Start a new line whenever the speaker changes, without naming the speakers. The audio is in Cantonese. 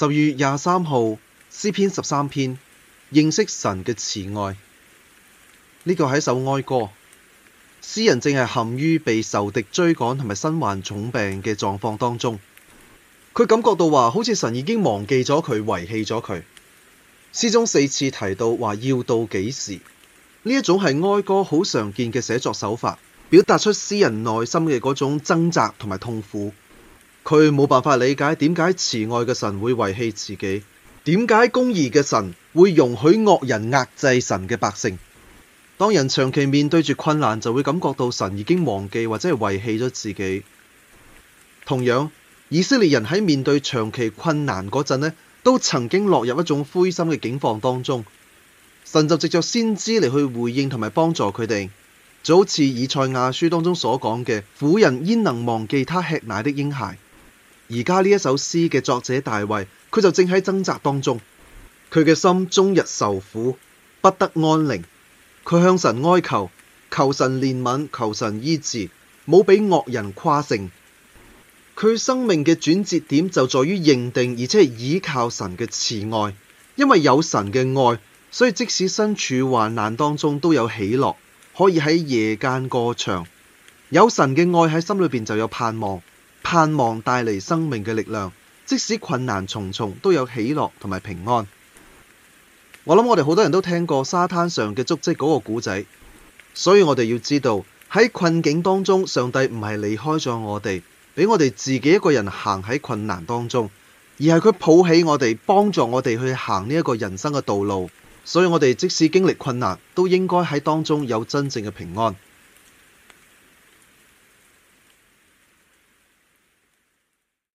十月廿三號，詩篇十三篇，認識神嘅慈愛。呢個係一首哀歌，詩人正係陷於被仇敵追趕同埋身患重病嘅狀況當中，佢感覺到話，好似神已經忘記咗佢，遺棄咗佢。詩中四次提到話要到幾時？呢一種係哀歌好常見嘅寫作手法，表達出詩人內心嘅嗰種掙扎同埋痛苦。佢冇辦法理解點解慈愛嘅神會遺棄自己，點解公義嘅神會容許惡人壓制神嘅百姓？當人長期面對住困難，就會感覺到神已經忘記或者係遺棄咗自己。同樣，以色列人喺面對長期困難嗰陣呢，都曾經落入一種灰心嘅境況當中。神就藉着先知嚟去回應同埋幫助佢哋，就好似以賽亞書當中所講嘅，婦人焉能忘記她吃奶的嬰孩？而家呢一首詩嘅作者大衛，佢就正喺掙扎當中，佢嘅心終日受苦，不得安寧。佢向神哀求，求神憐憫，求神醫治，冇俾惡人誇勝。佢生命嘅轉折點就在於認定，而且係倚靠神嘅慈愛。因為有神嘅愛，所以即使身處患難當中都有喜樂，可以喺夜間歌唱。有神嘅愛喺心裏邊，就有盼望。盼望帶嚟生命嘅力量，即使困難重重，都有喜樂同埋平安。我諗我哋好多人都聽過沙灘上嘅足迹嗰個古仔，所以我哋要知道喺困境當中，上帝唔係離開咗我哋，俾我哋自己一個人行喺困難當中，而係佢抱起我哋，幫助我哋去行呢一個人生嘅道路。所以我哋即使經歷困難，都應該喺當中有真正嘅平安。